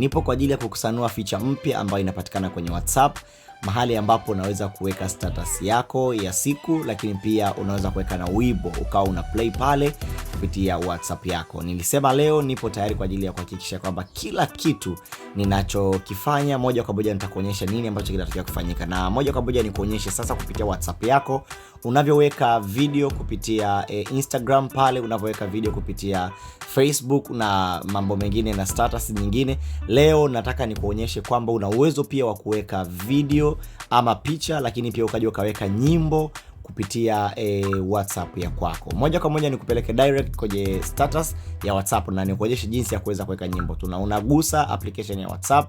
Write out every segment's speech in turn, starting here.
Nipo kwa ajili ya kukusanua ficha mpya ambayo inapatikana kwenye WhatsApp, mahali ambapo unaweza kuweka status yako ya siku, lakini pia unaweza kuweka na wibo ukawa una play pale kupitia WhatsApp yako. Nilisema leo nipo tayari kwa ajili ya kuhakikisha kwamba kila kitu ninachokifanya moja kwa moja nitakuonyesha nini ambacho kinatakiwa kufanyika, na moja kwa moja nikuonyeshe sasa kupitia WhatsApp yako unavyoweka video kupitia e, Instagram pale unavyoweka video kupitia Facebook na mambo mengine na status nyingine. Leo nataka nikuonyeshe kwamba una uwezo pia wa kuweka video ama picha, lakini pia ukaja ukaweka nyimbo kupitia e, WhatsApp ya kwako. Moja kwa moja nikupeleke direct kwenye status ya WhatsApp na nikuonyeshe jinsi ya kuweza kuweka nyimbo. Tuna unagusa application ya WhatsApp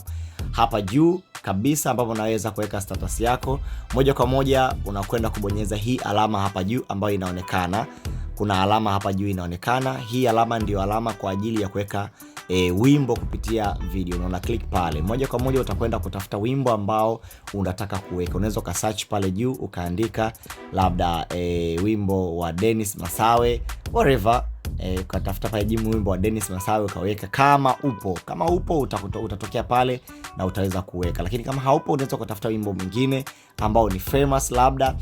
hapa juu kabisa ambapo unaweza kuweka status yako. Moja kwa moja unakwenda kubonyeza hii alama hapa juu ambayo inaonekana. Kuna alama hapa juu inaonekana. Hii alama ndio alama kwa ajili ya kuweka e, wimbo kupitia video na una click pale, moja kwa moja utakwenda kutafuta wimbo ambao unataka kuweka. Unaweza ukasearch pale juu ukaandika labda e, wimbo wa Dennis Masawe whatever E, ukatafuta pale jimu wimbo wa Dennis Masawe ukaweka, kama upo kama upo utakuto, utatokea pale na utaweza kuweka, lakini kama haupo unaweza ukatafuta wimbo mwingine ambao ni famous, labda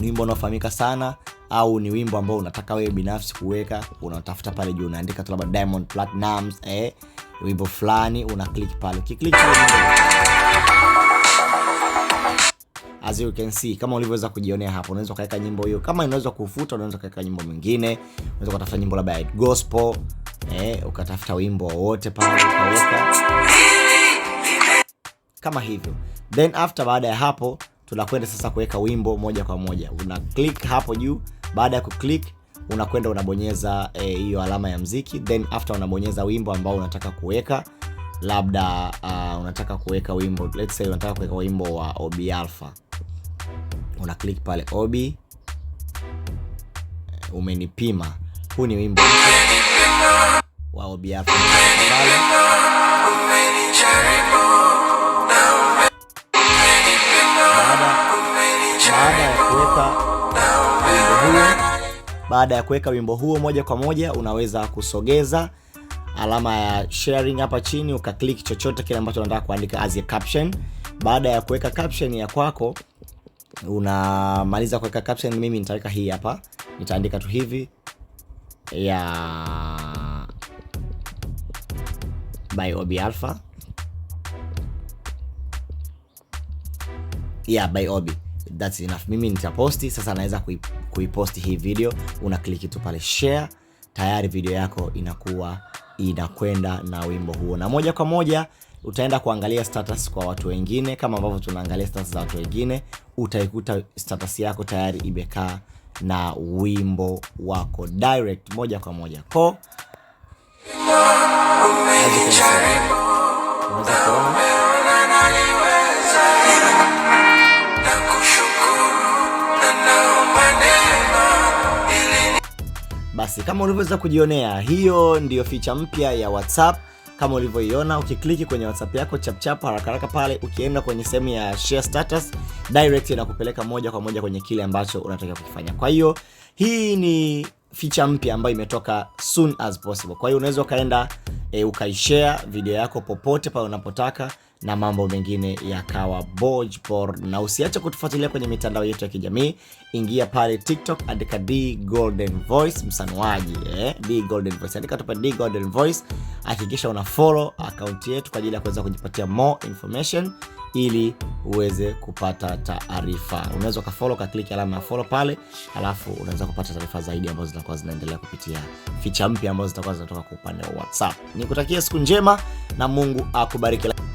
ni wimbo unaofahamika sana au ni wimbo ambao unataka wewe binafsi kuweka, unatafuta pale juu, unaandika tu labda Diamond Platnumz eh, wimbo fulani, una click pale. Ukiklik as you can see, kama ulivyoweza kujionea hapo, unaweza kaweka nyimbo hiyo. Kama inaweza kufuta, unaweza kaweka nyimbo mingine, unaweza kutafuta nyimbo labda ya gospel eh, ukatafuta wimbo wowote pale ukaweka kama hivyo, then after, baada ya hapo tunakwenda sasa kuweka wimbo moja kwa moja, una click hapo juu baada ya kuklik unakwenda unabonyeza eh, hiyo e, alama ya mziki then after unabonyeza wimbo ambao unataka kuweka labda uh, unataka kuweka wimbo let's say unataka kuweka wimbo wa OB Alpha, una klik pale OB, eh, umenipima. Huu ni wimbo wa OB Alpha Baada ya kuweka wimbo huo moja kwa moja, unaweza kusogeza alama ya sharing hapa chini, ukaklik chochote kile ambacho unataka kuandika as a caption. Baada ya kuweka caption ya kwako, unamaliza kuweka caption. Mimi nitaweka hii hapa, nitaandika tu hivi ya by Obi Alpha ya by Obi that's enough. Mimi nitaposti sasa, naweza kuiposti hii video, una kliki tu pale share, tayari video yako inakuwa inakwenda na wimbo huo, na moja kwa moja utaenda kuangalia status kwa watu wengine, kama ambavyo tunaangalia status za watu wengine, utaikuta status yako tayari imekaa na wimbo wako direct, moja kwa moja ko kama ulivyoweza kujionea, hiyo ndiyo ficha mpya ya WhatsApp kama ulivyoiona ukikliki kwenye WhatsApp yako chapchap haraka haraka pale, ukienda kwenye sehemu ya share status direct inakupeleka moja kwa moja kwenye kile ambacho unataka kukifanya. Kwa hiyo hii ni feature mpya ambayo imetoka soon as possible. Kwa hiyo unaweza ukaenda e, ukaishare video yako popote pale unapotaka na mambo mengine yakawa BoJPOR, na usiache kutufuatilia kwenye mitandao yetu ya kijamii. Ingia pale TikTok, andika D Golden Voice msanuaji, eh, D Golden Voice, andika tupa D Golden Voice. Hakikisha una follow account yetu kwa ajili ya kuweza kujipatia more information ili uweze kupata taarifa. Unaweza ukafollow, ukaklik alama ya follow pale, alafu unaweza kupata taarifa zaidi ambazo zitakuwa zinaendelea kupitia ficha mpya ambazo zitakuwa zinatoka kwa upande wa WhatsApp. Nikutakia siku njema na Mungu akubariki.